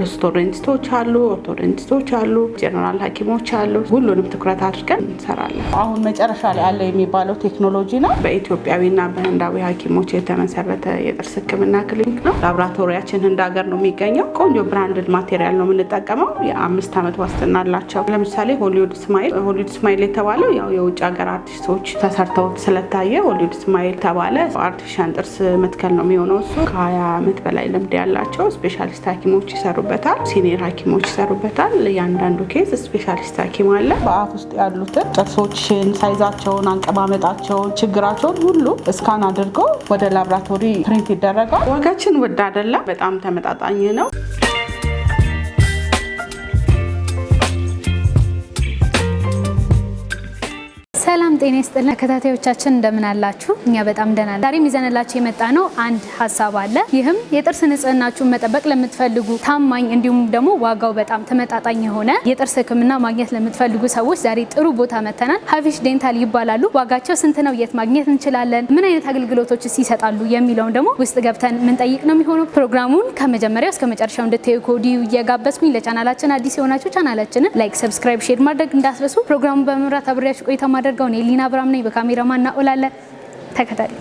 ሬስቶሬንቲስቶች አሉ፣ ኦርቶዶንቲስቶች አሉ፣ ጀነራል ሐኪሞች አሉ። ሁሉንም ትኩረት አድርገን እንሰራለን። አሁን መጨረሻ ላይ ያለው የሚባለው ቴክኖሎጂ ነው። በኢትዮጵያዊና በህንዳዊ ሐኪሞች የተመሰረተ የጥርስ ህክምና ክሊኒክ ነው። ላብራቶሪያችን ህንድ ሀገር ነው የሚገኘው። ቆንጆ ብራንድድ ማቴሪያል ነው የምንጠቀመው። የአምስት ዓመት ዋስትና አላቸው። ለምሳሌ ሆሊውድ ስማይል ሆሊውድ ስማይል የተባለው ያው የውጭ ሀገር አርቲስቶች ተሰርተው ስለታየ ሆሊውድ ስማይል ተባለ። አርቲፊሻል ጥርስ መትከል ነው የሚሆነው እሱ። ከ20 ዓመት በላይ ልምድ ያላቸው ስፔሻሊስት ሐኪሞች ይሰሩ ይሰሩበታል፣ ሲኒየር ሐኪሞች ይሰሩበታል። እያንዳንዱ ኬዝ ስፔሻሊስት ሐኪም አለ። በአፍ ውስጥ ያሉትን ጥርሶችን፣ ሳይዛቸውን፣ አንቀማመጣቸውን፣ ችግራቸውን ሁሉ እስካን አድርገው ወደ ላብራቶሪ ፕሪንት ይደረጋል። ዋጋችን ውድ አይደለም፣ በጣም ተመጣጣኝ ነው። ሰላም ጤና ይስጥልን ተከታታዮቻችን እንደምን አላችሁ? እኛ በጣም ደህና ነን። ዛሬም ይዘንላችሁ የመጣ ነው አንድ ሀሳብ አለ። ይህም የጥርስ ንጽህናችሁን መጠበቅ ለምትፈልጉ ታማኝ፣ እንዲሁም ደግሞ ዋጋው በጣም ተመጣጣኝ የሆነ የጥርስ ሕክምና ማግኘት ለምትፈልጉ ሰዎች ዛሬ ጥሩ ቦታ መተናል። ሀፊሽ ዴንታል ይባላሉ። ዋጋቸው ስንት ነው? የት ማግኘት እንችላለን? ምን አይነት አገልግሎቶች ይሰጣሉ? የሚለውን ደግሞ ውስጥ ገብተን የምንጠይቅ ነው የሚሆነው። ፕሮግራሙን ከመጀመሪያው እስከ መጨረሻው እንድታዩ ከወዲሁ እየጋበዝኩኝ ለቻናላችን አዲስ የሆናችሁ ቻናላችንን ላይክ፣ ሰብስክራይብ፣ ሼር ማድረግ እንዳትረሱ። ፕሮግራሙን በመምራት አብሬያችሁ ቆይታ ማድረግ የምፈልገው። እኔ ሊና አብርሃም ነኝ። በካሜራማን እናኦላለ ተከታታይ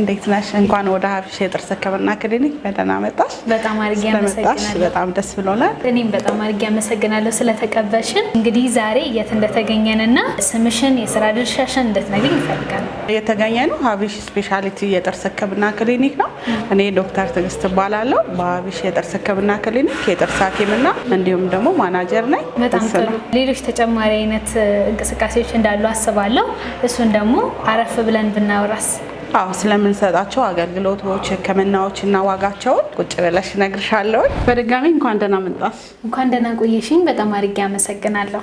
እንዴት ነሽ? እንኳን ወደ ሀብሽ የጥርስ ሕክምና ክሊኒክ በደህና መጣሽ። በጣም አድርጌ አመሰግናለሁ። በጣም ደስ ብሎናል። እኔም በጣም አድርጌ አመሰግናለሁ ስለተቀበልሽን። እንግዲህ ዛሬ የት እንደተገኘንና ስምሽን፣ የስራ ድርሻሽን እንድትነግሪኝ እፈልጋለሁ። የተገኘነው ሀብሽ ስፔሻሊቲ የጥርስ ሕክምና ክሊኒክ ነው። እኔ ዶክተር ትዕግስት እባላለሁ። በሀብሽ የጥርስ ሕክምና ክሊኒክ የጥርስ ሐኪምና እንዲሁም ደግሞ ማናጀር ነኝ። በጣም ጥሩ። ሌሎች ተጨማሪ አይነት እንቅስቃሴዎች እንዳሉ አስባለሁ። እሱን ደግሞ አረፍ ብለን ብናወራስ አዎ ስለምንሰጣቸው አገልግሎቶች ህክምናዎች እና ዋጋቸውን ቁጭ ብለሽ እነግርሻለሁ። በድጋሚ እንኳን ደህና መጣሽ። እንኳን ደህና ቆየሽኝ። በጣም አድርጌ አመሰግናለሁ።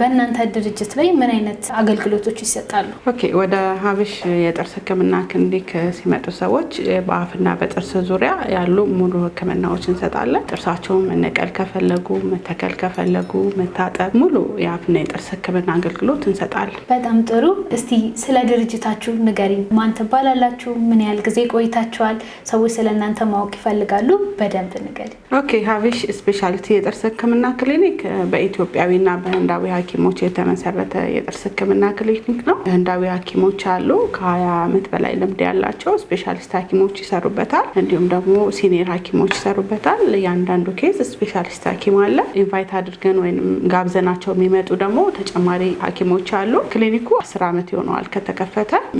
በእናንተ ድርጅት ላይ ምን አይነት አገልግሎቶች ይሰጣሉ? ኦኬ ወደ ሀብሽ የጥርስ ህክምና ክሊኒክ ሲመጡ ሰዎች በአፍና በጥርስ ዙሪያ ያሉ ሙሉ ህክምናዎች እንሰጣለን። ጥርሳቸውን መነቀል ከፈለጉ፣ መተከል ከፈለጉ፣ መታጠብ፣ ሙሉ የአፍና የጥርስ ህክምና አገልግሎት እንሰጣለን። በጣም ጥሩ። እስቲ ስለ ድርጅታችሁ ንገሪኝ። ማን ትባላላችሁ? ምን ያህል ጊዜ ቆይታችኋል? ሰዎች ስለ እናንተ ማወቅ ይፈልጋሉ። በደንብ ንገሪ። ኦኬ ሀቪሽ ስፔሻሊቲ የጥርስ ህክምና ክሊኒክ በኢትዮጵያዊና በህንዳዊ ሐኪሞች የተመሰረተ የጥርስ ህክምና ክሊኒክ ነው። ህንዳዊ ሐኪሞች አሉ ከሀያ ዓመት በላይ ልምድ ያላቸው ስፔሻሊስት ሐኪሞች ይሰሩበታል። እንዲሁም ደግሞ ሲኒየር ሐኪሞች ይሰሩበታል። እያንዳንዱ ኬዝ ስፔሻሊስት ሐኪም አለ። ኢንቫይት አድርገን ወይም ጋብዘናቸው የሚመጡ ደግሞ ተጨማሪ ሐኪሞች አሉ። ክሊኒኩ አስር ዓመት ይሆነዋል ከተከፈተ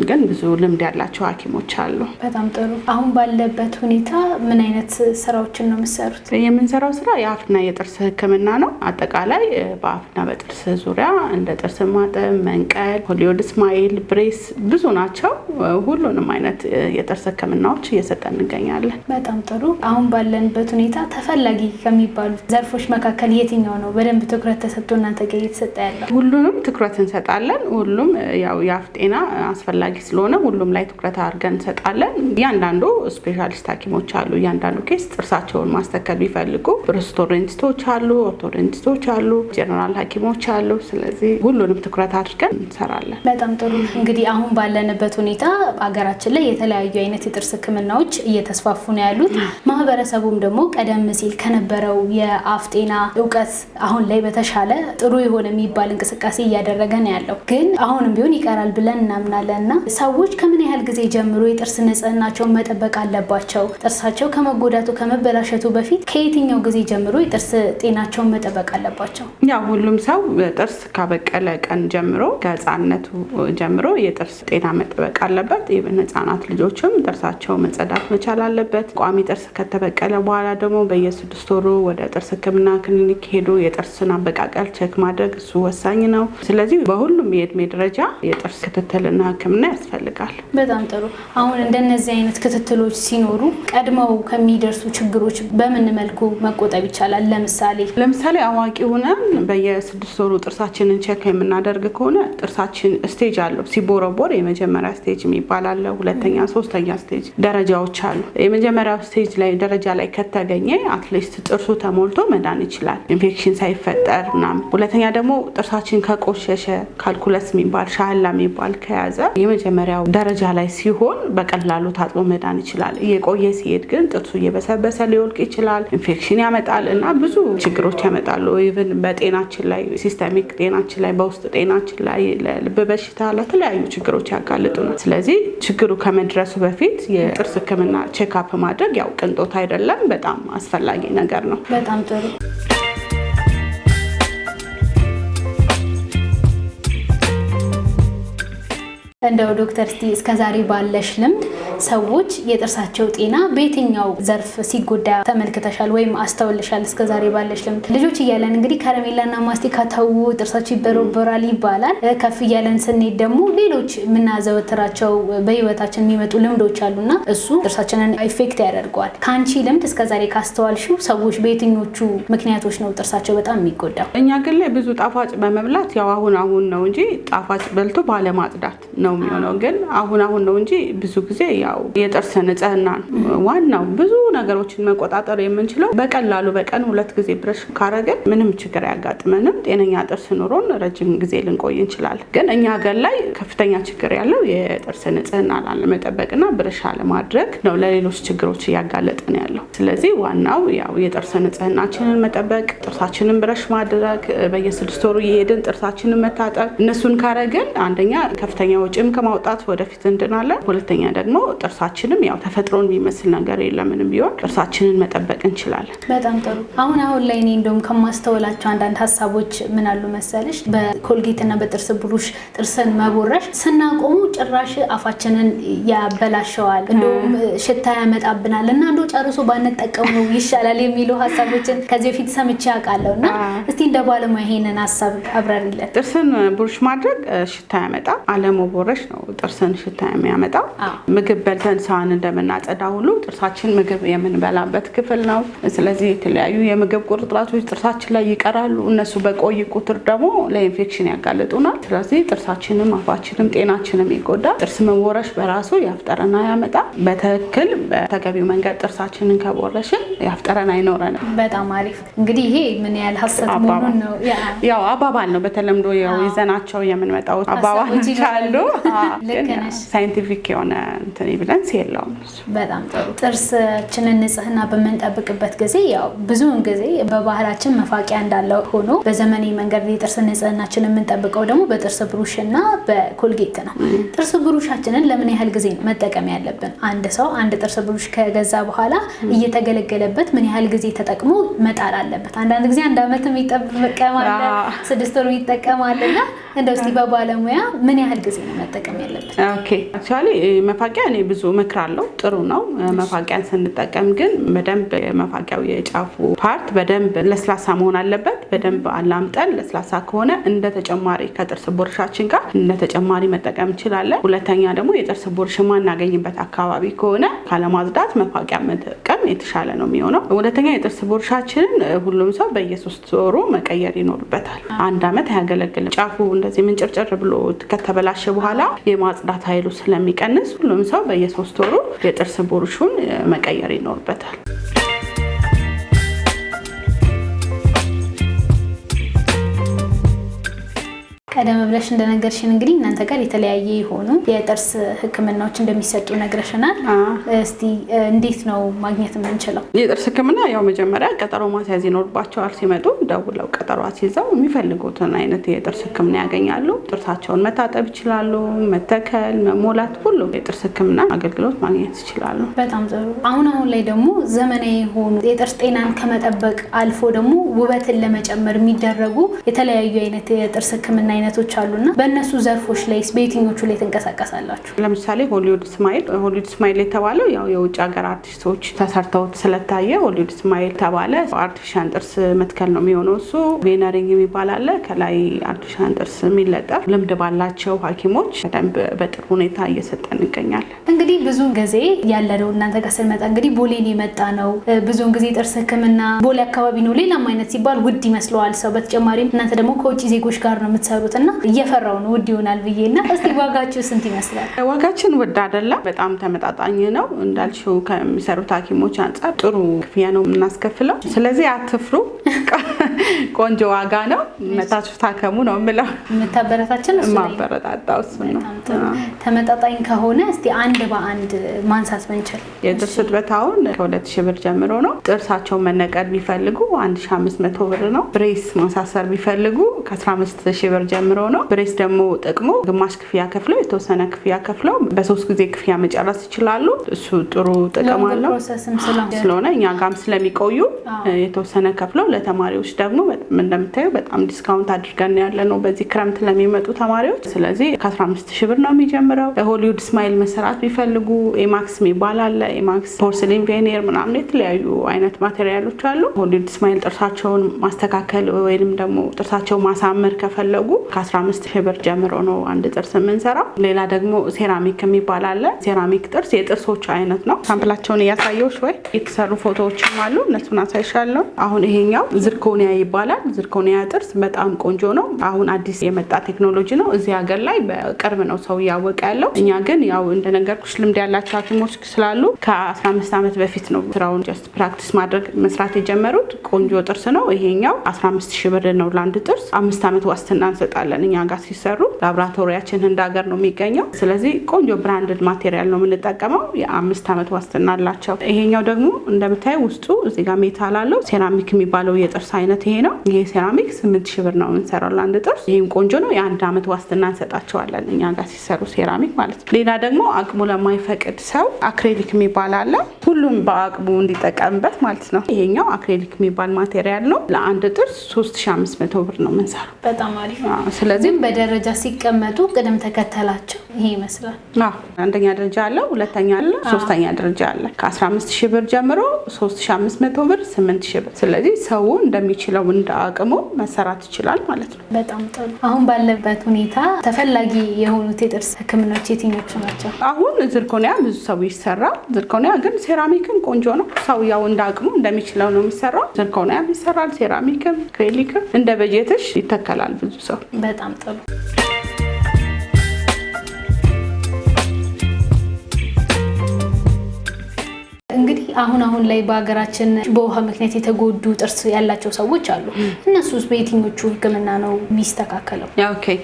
ግን ብዙ ልምድ ልምድ ያላቸው ሐኪሞች አሉ። በጣም ጥሩ። አሁን ባለበት ሁኔታ ምን አይነት ስራዎችን ነው የምሰሩት? የምንሰራው ስራ የአፍና የጥርስ ህክምና ነው። አጠቃላይ በአፍና በጥርስ ዙሪያ እንደ ጥርስ ማጠብ፣ መንቀል፣ ሆሊውድ ስማይል፣ ብሬስ ብዙ ናቸው። ሁሉንም አይነት የጥርስ ህክምናዎች እየሰጠን እንገኛለን። በጣም ጥሩ። አሁን ባለንበት ሁኔታ ተፈላጊ ከሚባሉ ዘርፎች መካከል የትኛው ነው በደንብ ትኩረት ተሰጥቶ እናንተ ጋር እየተሰጠ ያለው? ሁሉንም ትኩረት እንሰጣለን። ሁሉም ያው የአፍ ጤና አስፈላጊ ስለሆነ ሁሉ ሁሉም ላይ ትኩረት አድርገን እንሰጣለን። እያንዳንዱ ስፔሻሊስት ሐኪሞች አሉ። እያንዳንዱ ኬስ ጥርሳቸውን ማስተከል ቢፈልጉ ሬስቶሬንቲስቶች አሉ፣ ኦርቶዶንቲስቶች አሉ፣ ጀነራል ሐኪሞች አሉ። ስለዚህ ሁሉንም ትኩረት አድርገን እንሰራለን። በጣም ጥሩ። እንግዲህ አሁን ባለንበት ሁኔታ አገራችን ላይ የተለያዩ አይነት የጥርስ ሕክምናዎች እየተስፋፉ ነው ያሉት። ማህበረሰቡም ደግሞ ቀደም ሲል ከነበረው የአፍ ጤና እውቀት አሁን ላይ በተሻለ ጥሩ የሆነ የሚባል እንቅስቃሴ እያደረገ ነው ያለው። ግን አሁንም ቢሆን ይቀራል ብለን እናምናለን እና ሰዎች ከምን ያህል ጊዜ ጀምሮ የጥርስ ንጽህናቸውን መጠበቅ አለባቸው? ጥርሳቸው ከመጎዳቱ ከመበላሸቱ በፊት ከየትኛው ጊዜ ጀምሮ የጥርስ ጤናቸውን መጠበቅ አለባቸው? ያው ሁሉም ሰው ጥርስ ካበቀለ ቀን ጀምሮ ከህፃነቱ ጀምሮ የጥርስ ጤና መጠበቅ አለበት። ህፃናት ልጆችም ጥርሳቸው መጸዳት መቻል አለበት። ቋሚ ጥርስ ከተበቀለ በኋላ ደግሞ በየስድስት ወሩ ወደ ጥርስ ህክምና ክሊኒክ ሄዶ የጥርስን አበቃቀል ቸክ ማድረግ እሱ ወሳኝ ነው። ስለዚህ በሁሉም የእድሜ ደረጃ የጥርስ ክትትልና ህክምና ያስፈልጋል። በጣም ጥሩ። አሁን እንደነዚህ አይነት ክትትሎች ሲኖሩ ቀድመው ከሚደርሱ ችግሮች በምን መልኩ መቆጠብ ይቻላል? ለምሳሌ ለምሳሌ አዋቂ ሆነን በየስድስት ወሩ ጥርሳችንን ቼክ የምናደርግ ከሆነ ጥርሳችን ስቴጅ አለው። ሲቦረቦር የመጀመሪያ ስቴጅ የሚባል አለ፣ ሁለተኛ፣ ሶስተኛ ስቴጅ ደረጃዎች አሉ። የመጀመሪያው ስቴጅ ላይ ደረጃ ላይ ከተገኘ አትሊስት ጥርሱ ተሞልቶ መዳን ይችላል፣ ኢንፌክሽን ሳይፈጠር ምናምን። ሁለተኛ ደግሞ ጥርሳችን ከቆሸሸ ካልኩለስ የሚባል ሻህላ የሚባል ከያዘ የመጀመሪያው ደረጃ ደረጃ ላይ ሲሆን በቀላሉ ታጥቦ መዳን ይችላል። እየቆየ ሲሄድ ግን ጥርሱ እየበሰበሰ ሊወልቅ ይችላል። ኢንፌክሽን ያመጣል እና ብዙ ችግሮች ያመጣሉ። ኢቨን በጤናችን ላይ ሲስተሚክ ጤናችን ላይ በውስጥ ጤናችን ላይ ለልብ በሽታ ለተለያዩ ችግሮች ያጋልጡናል። ስለዚህ ችግሩ ከመድረሱ በፊት የጥርስ ሕክምና ቼክአፕ ማድረግ ያው ቅንጦት አይደለም፣ በጣም አስፈላጊ ነገር ነው። በጣም ጥሩ እንደው ዶክተር እስቲ እስከዛሬ ባለሽ ልምድ ሰዎች የጥርሳቸው ጤና በየትኛው ዘርፍ ሲጎዳ ተመልክተሻል ወይም አስተውልሻል? እስከዛሬ ባለሽ ልምድ ልጆች እያለን እንግዲህ ከረሜላና ማስቲካ ተዉ፣ ጥርሳቸው ይበረበራል ይባላል። ከፍ እያለን ስንሄድ ደግሞ ሌሎች የምናዘወትራቸው በህይወታችን የሚመጡ ልምዶች አሉና እሱ ጥርሳችንን ኢፌክት ያደርገዋል። ከአንቺ ልምድ እስከዛሬ ካስተዋልሽው ሰዎች በየትኞቹ ምክንያቶች ነው ጥርሳቸው በጣም የሚጎዳው? እኛ ግን ላይ ብዙ ጣፋጭ በመብላት ያው አሁን አሁን ነው እንጂ ጣፋጭ በልቶ ባለማጽዳት ነው የሚሆነው። ግን አሁን አሁን ነው እንጂ ብዙ ጊዜ ያው የጥርስ ንጽህና ዋናው። ብዙ ነገሮችን መቆጣጠር የምንችለው በቀላሉ በቀን ሁለት ጊዜ ብረሽ ካረግን ምንም ችግር አያጋጥመንም። ጤነኛ ጥርስ ኑሮን ረጅም ጊዜ ልንቆይ እንችላለን። ግን እኛ ሀገር ላይ ከፍተኛ ችግር ያለው የጥርስ ንጽህና ላለመጠበቅና ብረሽ አለማድረግ ነው ለሌሎች ችግሮች እያጋለጠን ያለው። ስለዚህ ዋናው ያው የጥርስ ንጽህናችንን መጠበቅ፣ ጥርሳችንን ብረሽ ማድረግ፣ በየስድስት ወሩ የሄድን ጥርሳችንን መታጠብ እነሱን ካረግን አንደኛ ከፍተኛ ወጪ እሾችን ከማውጣት ወደፊት እንድናለን። ሁለተኛ ደግሞ ጥርሳችንም ያው ተፈጥሮን የሚመስል ነገር የለምንም ቢሆን ጥርሳችንን መጠበቅ እንችላለን። በጣም ጥሩ። አሁን አሁን ላይ እኔ እንደውም ከማስተውላቸው አንዳንድ ሀሳቦች ምን አሉ መሰለሽ፣ በኮልጌትና በጥርስ ብሩሽ ጥርስን መቦረሽ ስናቆሙ ጭራሽ አፋችንን ያበላሸዋል፣ እንደውም ሽታ ያመጣብናል እና እንደው ጨርሶ ባንጠቀሙ ይሻላል የሚሉ ሀሳቦችን ከዚህ በፊት ሰምቼ አውቃለሁ እና እስቲ እንደ ባለሙያ ይሄንን ሀሳብ አብራሪለን። ጥርስን ብሩሽ ማድረግ ሽታ ያመጣ አለመቦረ እየቦረሽ ነው ጥርስን ሽታ የሚያመጣው። ምግብ በልተን ሳህን እንደምናጸዳ ሁሉ ጥርሳችን ምግብ የምንበላበት ክፍል ነው። ስለዚህ የተለያዩ የምግብ ቁርጥራጮች ጥርሳችን ላይ ይቀራሉ። እነሱ በቆይ ቁጥር ደግሞ ለኢንፌክሽን ያጋልጡናል። ስለዚህ ጥርሳችንም፣ አፋችንም፣ ጤናችንም ይጎዳል። ጥርስ መቦረሽ በራሱ ያፍጠረና ያመጣ ያመጣል። በትክክል በተገቢው መንገድ ጥርሳችንን ከቦረሽን ያፍጠረና አይኖረንም። በጣም አሪፍ። እንግዲህ ይሄ ምን ያህል ሀሰት መሆኑን ነው ያው አባባል ነው በተለምዶ ይዘናቸው የምንመጣው አባባል አሉ ሳይንቲፊክ የሆነ እንትን ኤቪደንስ የለውም። በጣም ጥሩ። ጥርሳችንን ንጽህና በምንጠብቅበት ጊዜ ያው ብዙውን ጊዜ በባህላችን መፋቂያ እንዳለው ሆኖ በዘመናዊ መንገድ የጥርስ ንጽህናችን የምንጠብቀው ደግሞ በጥርስ ብሩሽ እና በኮልጌት ነው። ጥርስ ብሩሻችንን ለምን ያህል ጊዜ ነው መጠቀም ያለብን? አንድ ሰው አንድ ጥርስ ብሩሽ ከገዛ በኋላ እየተገለገለበት ምን ያህል ጊዜ ተጠቅሞ መጣል አለበት? አንዳንድ ጊዜ አንድ ዓመት የሚጠቀማለ ስድስት ወር የሚጠቀማልና እንደው እስኪ በባለሙያ ምን ያህል ጊዜ ነው መጠቀም ያለብን? አክቹዋሊ መፋቂያ እኔ ብዙ ምክር አለው ጥሩ ነው። መፋቂያን ስንጠቀም ግን በደንብ መፋቂያው የጫፉ ፓርት በደንብ ለስላሳ መሆን አለበት። በደንብ አላምጠን ለስላሳ ከሆነ እንደ ተጨማሪ ከጥርስ ቦርሻችን ጋር እንደ ተጨማሪ መጠቀም እንችላለን። ሁለተኛ ደግሞ የጥርስ ቦርሽ ማናገኝበት አካባቢ ከሆነ ካለማጽዳት መፋቂያ መጠቀም የተሻለ ነው የሚሆነው። ሁለተኛ የጥርስ ቦርሻችንን ሁሉም ሰው በየሶስት ወሩ መቀየር ይኖርበታል። አንድ አመት አያገለግልም። ጫፉ እንደዚህ ምንጭርጭር ብሎ ከተበላሸ በኋላ በኋላ የማጽዳት ኃይሉ ስለሚቀንስ ሁሉም ሰው በየሶስት ወሩ የጥርስ ብሩሹን መቀየር ይኖርበታል። ቀደም ብለሽ እንደነገርሽን እንግዲህ እናንተ ጋር የተለያየ የሆኑ የጥርስ ሕክምናዎች እንደሚሰጡ ነግረሽናል። እስቲ እንዴት ነው ማግኘት የምንችለው የጥርስ ሕክምና? ያው መጀመሪያ ቀጠሮ ማስያዝ ይኖርባቸዋል። ሲመጡ ደውለው ቀጠሮ አስይዘው የሚፈልጉትን አይነት የጥርስ ሕክምና ያገኛሉ። ጥርሳቸውን መታጠብ ይችላሉ። መተከል፣ መሞላት፣ ሁሉም የጥርስ ሕክምና አገልግሎት ማግኘት ይችላሉ። በጣም ጥሩ። አሁን አሁን ላይ ደግሞ ዘመናዊ የሆኑ የጥርስ ጤናን ከመጠበቅ አልፎ ደግሞ ውበትን ለመጨመር የሚደረጉ የተለያዩ አይነት የጥርስ ሕክምና አይነቶች አሉና በእነሱ ዘርፎች ላይ በየትኞቹ ላይ ትንቀሳቀሳላችሁ? ለምሳሌ ሆሊውድ ስማይል ሆሊውድ ስማይል የተባለው ያው የውጭ ሀገር አርቲስቶች ተሰርተውት ስለታየ ሆሊውድ ስማይል ተባለ። አርቲፊሻን ጥርስ መትከል ነው የሚሆነው እሱ። ቬነሪንግ የሚባል አለ። ከላይ አርቲፊሻን ጥርስ የሚለጠፍ ልምድ ባላቸው ሐኪሞች በደንብ በጥሩ ሁኔታ እየሰጠን እንገኛለን። እንግዲህ ብዙ ጊዜ ያለነው እናንተ ጋር ስንመጣ እንግዲህ ቦሌን የመጣ ነው። ብዙውን ጊዜ ጥርስ ህክምና ቦሌ አካባቢ ነው። ሌላም አይነት ሲባል ውድ ይመስለዋል ሰው። በተጨማሪም እናንተ ደግሞ ከውጭ ዜጎች ጋር ነው የምትሰሩት እና እየፈራው ነው ውድ ይሆናል ብዬ እና እስቲ ዋጋችሁ ስንት ይመስላል? ዋጋችን ውድ አይደለም፣ በጣም ተመጣጣኝ ነው። እንዳልሽው ከሚሰሩት ሐኪሞች አንጻር ጥሩ ክፍያ ነው የምናስከፍለው። ስለዚህ አትፍሩ። ቆንጆ ዋጋ ነው። መታችሁ ታከሙ ነው የምለው። የምታበረታችን ማበረታታው እሱ ነው። ተመጣጣኝ ከሆነ እስቲ አንድ በአንድ ማንሳት ብንችል የጥርስ እድበታውን ከሁለት ሺህ ብር ጀምሮ ነው። ጥርሳቸውን መነቀል ቢፈልጉ አንድ ሺህ አምስት መቶ ብር ነው። ብሬስ ማሳሰር ቢፈልጉ ከአስራ አምስት ሺህ ብር ጀምሮ ነው። ብሬስ ደግሞ ጥቅሙ ግማሽ ክፍያ ከፍለው የተወሰነ ክፍያ ከፍለው በሶስት ጊዜ ክፍያ መጨረስ ይችላሉ። እሱ ጥሩ ጥቅም አለው ስለሆነ እኛ ጋም ስለሚቆዩ የተወሰነ ከፍለው ለተማሪዎች ደግሞ እንደምታየው በጣም ዲስካውንት አድርገን ያለ ነው በዚህ ክረምት ለሚመጡ ተማሪዎች። ስለዚህ ከ15 ሺህ ብር ነው የሚጀምረው። ሆሊውድ ስማይል መሰራት ቢፈልጉ ኤማክስ የሚባል አለ። ኤማክስ ፖርስሊን ቬኔር ምናምን የተለያዩ አይነት ማቴሪያሎች አሉ። ሆሊውድ ስማይል ጥርሳቸውን ማስተካከል ወይም ደግሞ ጥርሳቸው ማሳመር ከፈለጉ ከ15 ሺህ ብር ጀምሮ ነው አንድ ጥርስ የምንሰራው። ሌላ ደግሞ ሴራሚክ የሚባል አለ። ሴራሚክ ጥርስ የጥርሶች አይነት ነው። ሳምፕላቸውን እያሳየች ወይ የተሰሩ ፎቶዎችም አሉ እነሱን አሳይሻለሁ። አሁን ይሄኛው ዝርኮኒያ ይባላል። ዝርኮኒያ ጥርስ በጣም ቆንጆ ነው። አሁን አዲስ የመጣ ቴክኖሎጂ ነው። እዚህ ሀገር ላይ በቅርብ ነው ሰው እያወቀ ያለው። እኛ ግን ያው እንደነገርኩሽ ልምድ ያላቸው ሐኪሞች ስላሉ ከ15 ዓመት በፊት ነው ስራውን ጀስት ፕራክቲስ ማድረግ መስራት የጀመሩት። ቆንጆ ጥርስ ነው ይሄኛው። 15 ሺህ ብር ነው ለአንድ ጥርስ። አምስት ዓመት ዋስትና እንሰጣለን እኛ ጋር ሲሰሩ። ላብራቶሪያችን ህንድ ሀገር ነው የሚገኘው። ስለዚህ ቆንጆ ብራንድድ ማቴሪያል ነው የምንጠቀመው። የአምስት ዓመት ዋስትና አላቸው። ይሄኛው ደግሞ እንደምታየው ውስጡ እዚጋ ሜታል አለው ሴራሚክ የሚባለው የጥርስ አይነት ይሄ ነው። ይሄ ሴራሚክ ስምንት ሺህ ብር ነው የምንሰራው ለአንድ ጥርስ። ይህም ቆንጆ ነው። የአንድ ዓመት ዋስትና እንሰጣቸዋለን እኛ ጋር ሲሰሩ ሴራሚክ ማለት ነው። ሌላ ደግሞ አቅሙ ለማይፈቅድ ሰው አክሬሊክ የሚባል አለ። ሁሉም በአቅሙ እንዲጠቀምበት ማለት ነው። ይሄኛው አክሬሊክ የሚባል ማቴሪያል ነው። ለአንድ ጥርስ 3500 ብር ነው የምንሰራው። በጣም አሪፍ ነው። ስለዚህ በደረጃ ሲቀመጡ ቅደም ተከተላቸው ይሄ ይመስላል። አንደኛ ደረጃ አለ፣ ሁለተኛ አለ፣ ሶስተኛ ደረጃ አለ። ከ15000 ብር ጀምሮ 3500 ብር፣ 8000 ብር። ስለዚህ ሰው እንደሚችል የሚችለው እንደ አቅሙ መሰራት ይችላል ማለት ነው። በጣም ጥሩ። አሁን ባለበት ሁኔታ ተፈላጊ የሆኑት የጥርስ ህክምናዎች የትኞቹ ናቸው? አሁን ዝርኮኒያ ብዙ ሰው ይሰራል። ዝርኮኒያ ግን ሴራሚክም ቆንጆ ነው። ሰው ያው እንደ አቅሙ እንደሚችለው ነው የሚሰራው። ዝርኮኒያም ይሰራል፣ ሴራሚክም፣ ክሬሊክም እንደ በጀትሽ ይተከላል። ብዙ ሰው በጣም ጥሩ እንግዲህ አሁን አሁን ላይ በሀገራችን በውሃ ምክንያት የተጎዱ ጥርስ ያላቸው ሰዎች አሉ። እነሱስ በየትኞቹ ህክምና ነው የሚስተካከለው?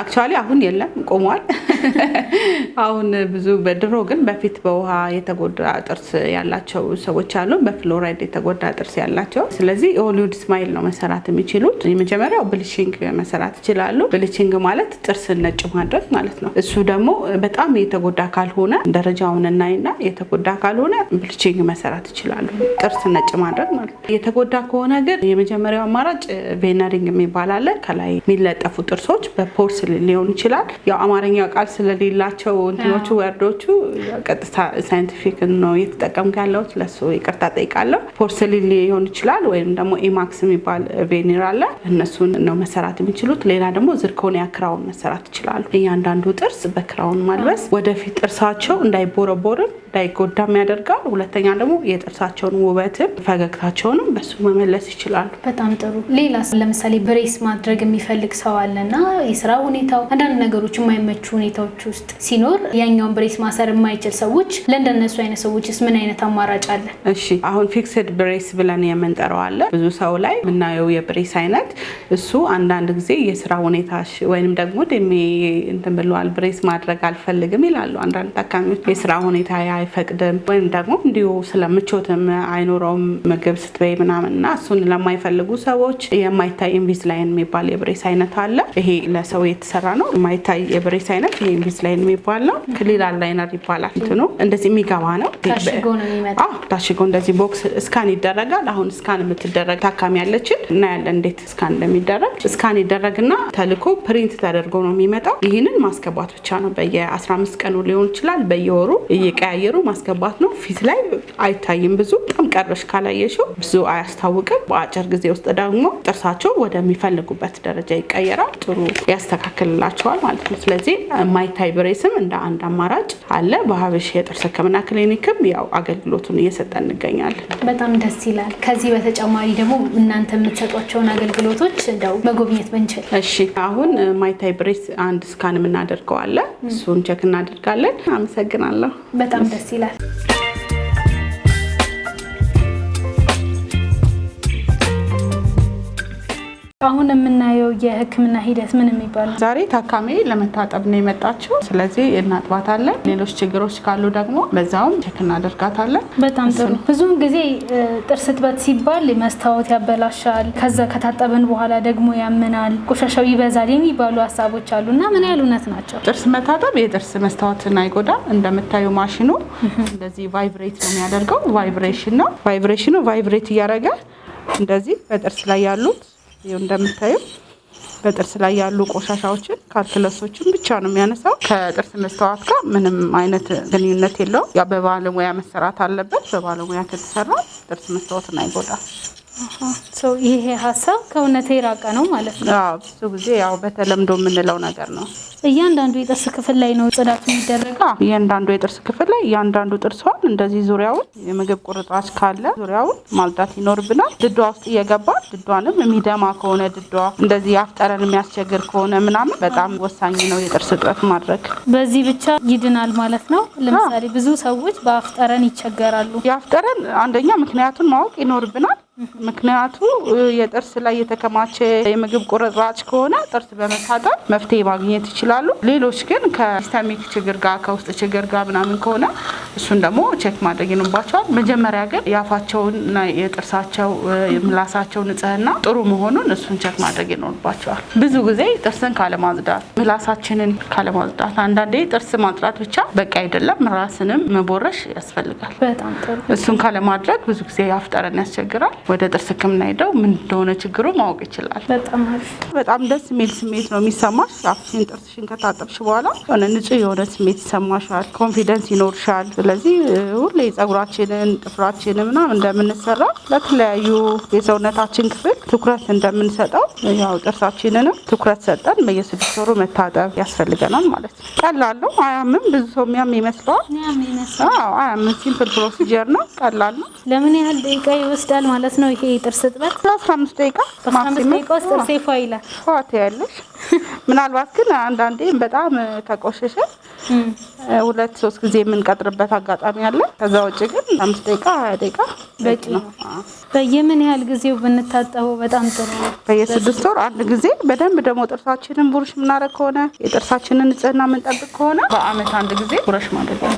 አክቹዋሊ አሁን የለም ቆሟል። አሁን ብዙ በድሮ ግን በፊት በውሃ የተጎዳ ጥርስ ያላቸው ሰዎች አሉ፣ በፍሎራይድ የተጎዳ ጥርስ ያላቸው። ስለዚህ ሆሊውድ ስማይል ነው መሰራት የሚችሉት። የመጀመሪያው ብልቺንግ መሰራት ይችላሉ። ብልቺንግ ማለት ጥርስን ነጭ ማድረግ ማለት ነው። እሱ ደግሞ በጣም የተጎዳ ካልሆነ ደረጃውን እናይና የተጎዳ ካልሆነ ብልቺንግ መሰራት ይችላል። ይችላሉ። ጥርስ ነጭ ማድረግ ማለት የተጎዳ ከሆነ ግን የመጀመሪያው አማራጭ ቬነሪንግ የሚባል አለ። ከላይ የሚለጠፉ ጥርሶች በፖርስሊን ሊሆን ይችላል። ያው አማርኛ ቃል ስለሌላቸው እንትኖቹ ወርዶቹ ቀጥታ ሳይንቲፊክ ነው እየተጠቀምኩ ያለሁት፣ ለሱ ይቅርታ ጠይቃለሁ። ፖርስሊን ሊሆን ይችላል ወይም ደግሞ ኢማክስ የሚባል ቬኒር አለ። እነሱን ነው መሰራት የሚችሉት። ሌላ ደግሞ ዝርኮኒያ ክራውን መሰራት ይችላሉ። እያንዳንዱ ጥርስ በክራውን ማልበስ ወደፊት ጥርሳቸው እንዳይቦረቦርም እንዳይጎዳም ያደርጋል። ሁለተኛ ደግሞ የጥርስ ጥርሳቸውን ውበትም ፈገግታቸውንም በሱ መመለስ ይችላሉ። በጣም ጥሩ። ሌላ ለምሳሌ ብሬስ ማድረግ የሚፈልግ ሰው አለና የስራ ሁኔታው አንዳንድ ነገሮች የማይመቹ ሁኔታዎች ውስጥ ሲኖር ያኛውን ብሬስ ማሰር የማይችል ሰዎች ለእንደነሱ አይነት ሰዎችስ ምን አይነት አማራጭ አለ? እሺ አሁን ፊክስድ ብሬስ ብለን የምንጠራው አለ። ብዙ ሰው ላይ የምናየው የብሬስ አይነት እሱ አንዳንድ ጊዜ የስራ ሁኔታ ወይም ደግሞ እንትን ብለዋል ብሬስ ማድረግ አልፈልግም ይላሉ አንዳንድ ታካሚዎች። የስራ ሁኔታ አይፈቅድም ወይም ደግሞ እንዲሁ ስለምቾ ምቾትም አይኖረውም ምግብ ስትበይ ምናምን እና እሱን ለማይፈልጉ ሰዎች የማይታይ ኢንቪስ ላይን የሚባል የብሬስ አይነት አለ። ይሄ ለሰው የተሰራ ነው። የማይታይ የብሬስ አይነት ይሄ ኢንቪዝ ላይን የሚባል ነው። ክሊል አላይነር ይባላል። እንትኑ እንደዚህ የሚገባ ነው። ታሽጎ እንደዚህ ቦክስ ስካን ይደረጋል። አሁን ስካን የምትደረግ ታካሚ ያለችን እናያለን እንዴት እስካን እንደሚደረግ። ስካን ይደረግና ተልኮ ፕሪንት ተደርጎ ነው የሚመጣው። ይህንን ማስገባት ብቻ ነው። በየ15 ቀኑ ሊሆን ይችላል በየወሩ እየቀያየሩ ማስገባት ነው። ፊት ላይ አይታይ አይታይም ብዙ በጣም ቀረሽ ካላየሽው ብዙ አያስታውቅም። በአጭር ጊዜ ውስጥ ደግሞ ጥርሳቸው ወደሚፈልጉበት ደረጃ ይቀየራል። ጥሩ ያስተካክልላቸዋል ማለት ነው። ስለዚህ ማይታይ ብሬስም እንደ አንድ አማራጭ አለ። በሀበሽ የጥርስ ሕክምና ክሊኒክም ያው አገልግሎቱን እየሰጠን እንገኛለን። በጣም ደስ ይላል። ከዚህ በተጨማሪ ደግሞ እናንተ የምትሰጧቸውን አገልግሎቶች እንደው መጎብኘት ብንችል። እሺ አሁን ማይታይ ብሬስ አንድ ስካንም እናደርገዋለን። እሱን ቸክ እናደርጋለን። አመሰግናለሁ። በጣም ደስ ይላል። አሁን የምናየው የህክምና ሂደት ምን የሚባል ዛሬ ታካሚ ለመታጠብ ነው የመጣችው። ስለዚህ እናጥባታለን። ሌሎች ችግሮች ካሉ ደግሞ በዛውም ቼክ እናደርጋታለን። በጣም ጥሩ። ብዙውን ጊዜ ጥርስ እጥበት ሲባል መስታወት ያበላሻል፣ ከዛ ከታጠብን በኋላ ደግሞ ያምናል፣ ቆሻሻው ይበዛል የሚባሉ ሀሳቦች አሉ እና ምን ያህል እውነት ናቸው? ጥርስ መታጠብ የጥርስ መስታወትን አይጎዳም። እንደምታየው ማሽኑ እንደዚህ ቫይብሬት ነው የሚያደርገው። ቫይብሬሽን ነው። ቫይብሬሽኑ ቫይብሬት እያደረገ እንደዚህ በጥርስ ላይ ያሉት ይኸው እንደምታዩ በጥርስ ላይ ያሉ ቆሻሻዎችን ካልክለሶችን ብቻ ነው የሚያነሳው። ከጥርስ መስተዋት ጋር ምንም አይነት ግንኙነት የለውም። በባለሙያ መሰራት አለበት። በባለሙያ ከተሰራ ጥርስ መስተዋትን አይጎዳም። ይሄ ሀሳብ ከእውነት የራቀ ነው ማለት ነው። ብዙ ጊዜ ያው በተለምዶ የምንለው ነገር ነው። እያንዳንዱ የጥርስ ክፍል ላይ ነው ጽዳት የሚደረገው። እያንዳንዱ የጥርስ ክፍል ላይ እያንዳንዱ ጥርሷን እንደዚህ ዙሪያውን የምግብ ቁርጥራጭ ካለ ዙሪያውን ማልጣት ይኖርብናል። ድዷ ውስጥ እየገባ ድዷንም የሚደማ ከሆነ ድዷ እንደዚህ አፍጠረን የሚያስቸግር ከሆነ ምናምን በጣም ወሳኝ ነው የጥርስ እጥረት ማድረግ። በዚህ ብቻ ይድናል ማለት ነው። ለምሳሌ ብዙ ሰዎች በአፍጠረን ይቸገራሉ። የአፍጠረን አንደኛ ምክንያቱን ማወቅ ይኖርብናል። ምክንያቱ የጥርስ ላይ የተከማቸ የምግብ ቁርጥራጭ ከሆነ ጥርስ በመታጠብ መፍትሄ ማግኘት ይችላሉ። ሌሎች ግን ከሲስተሚክ ችግር ጋር ከውስጥ ችግር ጋር ምናምን ከሆነ እሱን ደግሞ ቼክ ማድረግ ይኖርባቸዋል። መጀመሪያ ግን የአፋቸውን የጥርሳቸው ምላሳቸው ንጽህና ጥሩ መሆኑን እሱን ቼክ ማድረግ ይኖርባቸዋል። ብዙ ጊዜ ጥርስን ካለማጽዳት ምላሳችንን ካለማጽዳት አንዳንዴ ጥርስ ማጽዳት ብቻ በቂ አይደለም፣ ራስንም መቦረሽ ያስፈልጋል። እሱን ካለማድረግ ብዙ ጊዜ አፍጠረን ያስቸግራል። ወደ ጥርስ ሕክምና ሄደው ምን እንደሆነ ችግሩ ማወቅ ይችላል። በጣም ደስ የሚል ስሜት ነው የሚሰማሽ። አፍሽን ጥርስሽን ከታጠብሽ በኋላ የሆነ ንጹህ የሆነ ስሜት ይሰማሻል፣ ኮንፊደንስ ይኖርሻል። ስለዚህ ሁሌ ጸጉራችንን፣ ጥፍራችንን ምናምን እንደምንሰራ ለተለያዩ የሰውነታችን ክፍል ትኩረት እንደምንሰጠው ያው ጥርሳችንንም ትኩረት ሰጠን በየስድስት ወሩ መታጠብ ያስፈልገናል ማለት ነው። ቀላሉ አያምም። ብዙ ሰው የሚያም ይመስለዋል። አያምም። ሲምፕል ፕሮሲጀር ነው፣ ቀላል ነው። ለምን ያህል ደቂቃ ይወስዳል ማለት ነው? ነው ይሄ የጥርስ እጥበት። በ15 ደቂቃ ውስጥ ጥርሴ ፏ ይላል። ፏ ትያለሽ ምናልባት ግን አንዳንዴም በጣም ተቆሸሸ ሁለት ሶስት ጊዜ የምንቀጥርበት አጋጣሚ አለ። ከዛ ውጭ ግን አምስት ደቂቃ ሀያ ደቂቃ በቂ ነው። በየምን ያህል ጊዜው ብንታጠበው በጣም ጥሩ ነው። በየስድስት ወር አንድ ጊዜ። በደንብ ደግሞ ጥርሳችንን ቡርሽ የምናደርግ ከሆነ የጥርሳችንን ንጽህና የምንጠብቅ ከሆነ በአመት አንድ ጊዜ ቡረሽ ማድረግ ነው።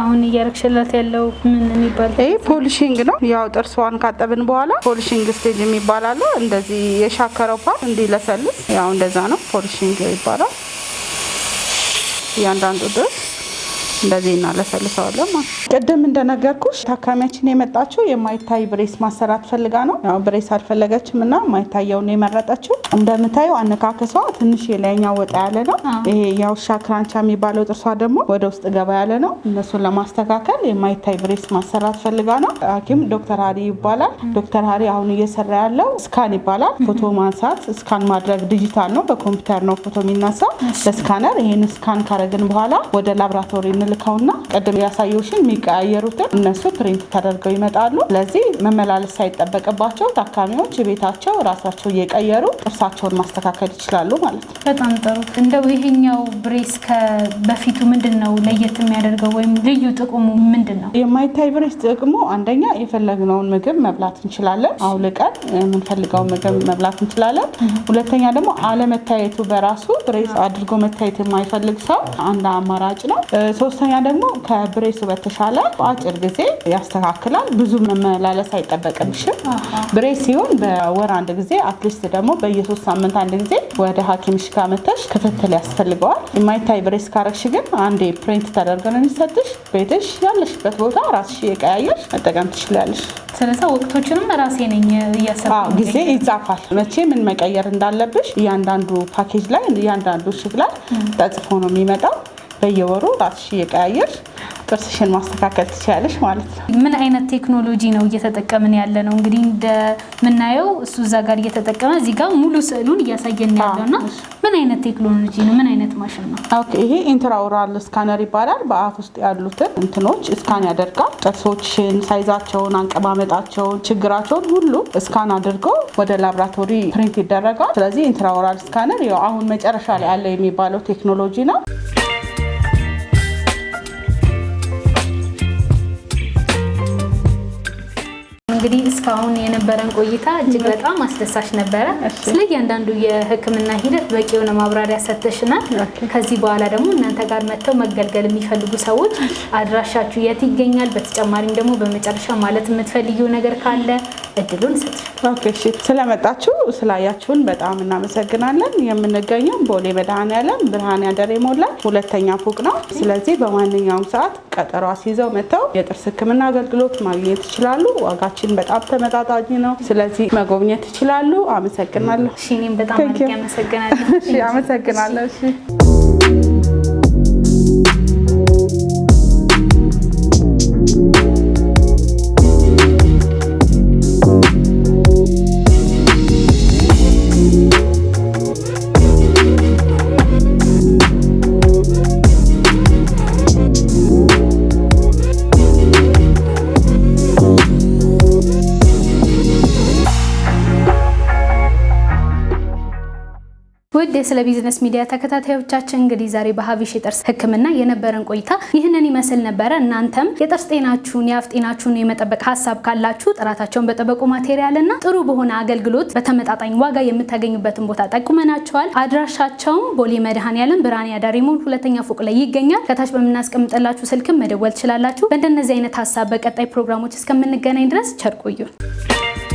አሁን እያረግሽላት ያለው ምን የሚባል ይሄ ፖሊሽንግ ነው። ያው ጥርስዋን ካጠብን በኋላ ፖሊሽንግ ስቴጅ የሚባል አለ። እንደዚህ የሻከረው ፓርት እንዲለሰልስ ያው እንደዛ ነው። ፖሊሽንግ ይባላል። እያንዳንዱ ድረስ እንደዚህ እናለሰልሰዋለን ማለት ነው። ቅድም እንደነገርኩሽ ታካሚያችን የመጣችው የማይታይ ብሬስ ማሰራት ፈልጋ ነው። ያው ብሬስ አልፈለገችም እና ማይታየውን የመረጠችው። እንደምታየው አነካከሷ ትንሽ የላይኛው ወጣ ያለ ነው። ይሄ የውሻ ክራንቻ የሚባለው ጥርሷ ደግሞ ወደ ውስጥ ገባ ያለ ነው። እነሱን ለማስተካከል የማይታይ ብሬስ ማሰራት ፈልጋ ነው። ሐኪም ዶክተር ሀሪ ይባላል። ዶክተር ሀሪ አሁን እየሰራ ያለው ስካን ይባላል። ፎቶ ማንሳት፣ ስካን ማድረግ ዲጂታል ነው። በኮምፒውተር ነው ፎቶ የሚነሳው በስካነር። ይህን ስካን ካረግን በኋላ ወደ ላብራቶሪ ልከውና ቅድም ያሳየሽን የሚቀያየሩትን እነሱ ፕሪንት ተደርገው ይመጣሉ። ስለዚህ መመላለስ ሳይጠበቅባቸው ታካሚዎች ቤታቸው ራሳቸው እየቀየሩ ጥርሳቸውን ማስተካከል ይችላሉ ማለት ነው። በጣም ጥሩ። እንደው ይሄኛው ብሬስ በፊቱ ምንድን ነው ለየት የሚያደርገው ወይም ልዩ ጥቅሙ ምንድን ነው? የማይታይ ብሬስ ጥቅሙ አንደኛ የፈለግነውን ምግብ መብላት እንችላለን፣ አውልቀን የምንፈልገውን ምግብ መብላት እንችላለን። ሁለተኛ ደግሞ አለመታየቱ በራሱ ብሬስ አድርጎ መታየት የማይፈልግ ሰው አንድ አማራጭ ነው። ሶስተኛ ደግሞ ከብሬሱ በተሻለ በአጭር ጊዜ ያስተካክላል። ብዙ መመላለስ አይጠበቅብሽም። ብሬስ ሲሆን በወር አንድ ጊዜ አትሊስት ደግሞ በየሶስት ሳምንት አንድ ጊዜ ወደ ሐኪምሽ ጋር መተሽ ክትትል ያስፈልገዋል። የማይታይ ብሬስ ካረግሽ ግን አንዴ ፕሪንት ተደርገን የሚሰጥሽ። ቤትሽ ያለሽበት ቦታ ራስሽ የቀያየሽ መጠቀም ትችላለሽ። ስለዚ ወቅቶችንም ራሴ ነኝ እያሰብ ጊዜ ይጻፋል። መቼ ምን መቀየር እንዳለብሽ እያንዳንዱ ፓኬጅ ላይ እያንዳንዱ ሽግ ላይ ተጽፎ ነው የሚመጣው። በየወሩ ራስሽ እየቀያየርሽ ጥርስሽን ማስተካከል ትችላለሽ ማለት ነው። ምን አይነት ቴክኖሎጂ ነው እየተጠቀምን ያለ ነው? እንግዲህ እንደምናየው እሱ እዛ ጋር እየተጠቀመ እዚህ ጋር ሙሉ ስዕሉን እያሳየን ያለው እና ምን አይነት ቴክኖሎጂ ነው? ምን አይነት ማሽን ነው? ኦኬ ይሄ ኢንትራውራል ስካነር ይባላል። በአፍ ውስጥ ያሉትን እንትኖች እስካን ያደርጋል። ጥርሶችን፣ ሳይዛቸውን፣ አንቀማመጣቸውን፣ ችግራቸውን ሁሉ እስካን አድርገው ወደ ላብራቶሪ ፕሪንት ይደረጋል። ስለዚህ ኢንትራውራል ስካነር አሁን መጨረሻ ላይ ያለው የሚባለው ቴክኖሎጂ ነው። እንግዲህ እስካሁን የነበረን ቆይታ እጅግ በጣም አስደሳች ነበረ። ስለ እያንዳንዱ የሕክምና ሂደት በቂ የሆነ ማብራሪያ ሰጥተሽናል። ከዚህ በኋላ ደግሞ እናንተ ጋር መጥተው መገልገል የሚፈልጉ ሰዎች አድራሻችሁ የት ይገኛል? በተጨማሪም ደግሞ በመጨረሻ ማለት የምትፈልጊው ነገር ካለ እድሉን ሰጥሻል። ስለመጣችሁ ስላያችሁን በጣም እናመሰግናለን። የምንገኘው ቦሌ መድኃኔዓለም ብርሃን ያደር ሞላ ሁለተኛ ፎቅ ነው። ስለዚህ በማንኛውም ሰዓት ቀጠሮ አስይዘው መጥተው የጥርስ ሕክምና አገልግሎት ማግኘት ይችላሉ። ዋጋችን ዋጋዎችን በጣም ተመጣጣኝ ነው። ስለዚህ መጎብኘት ይችላሉ። አመሰግናለሁ። እኔም በጣም አመሰግናለሁ። ስለ ቢዝነስ ሚዲያ ተከታታዮቻችን እንግዲህ ዛሬ በሀቢሽ የጥርስ ሕክምና የነበረን ቆይታ ይህንን ይመስል ነበረ። እናንተም የጥርስ ጤናችሁን የአፍ ጤናችሁን የመጠበቅ ሀሳብ ካላችሁ ጥራታቸውን በጠበቁ ማቴሪያል እና ጥሩ በሆነ አገልግሎት በተመጣጣኝ ዋጋ የምታገኙበትን ቦታ ጠቁመናቸዋል። አድራሻቸውም ቦሌ መድኃኔዓለም ብርሃን ያዳሪ ሞል ሁለተኛ ፎቅ ላይ ይገኛል። ከታች በምናስቀምጥላችሁ ስልክም መደወል ትችላላችሁ። በእንደነዚህ አይነት ሀሳብ በቀጣይ ፕሮግራሞች እስከምንገናኝ ድረስ ቸር ቆዩን።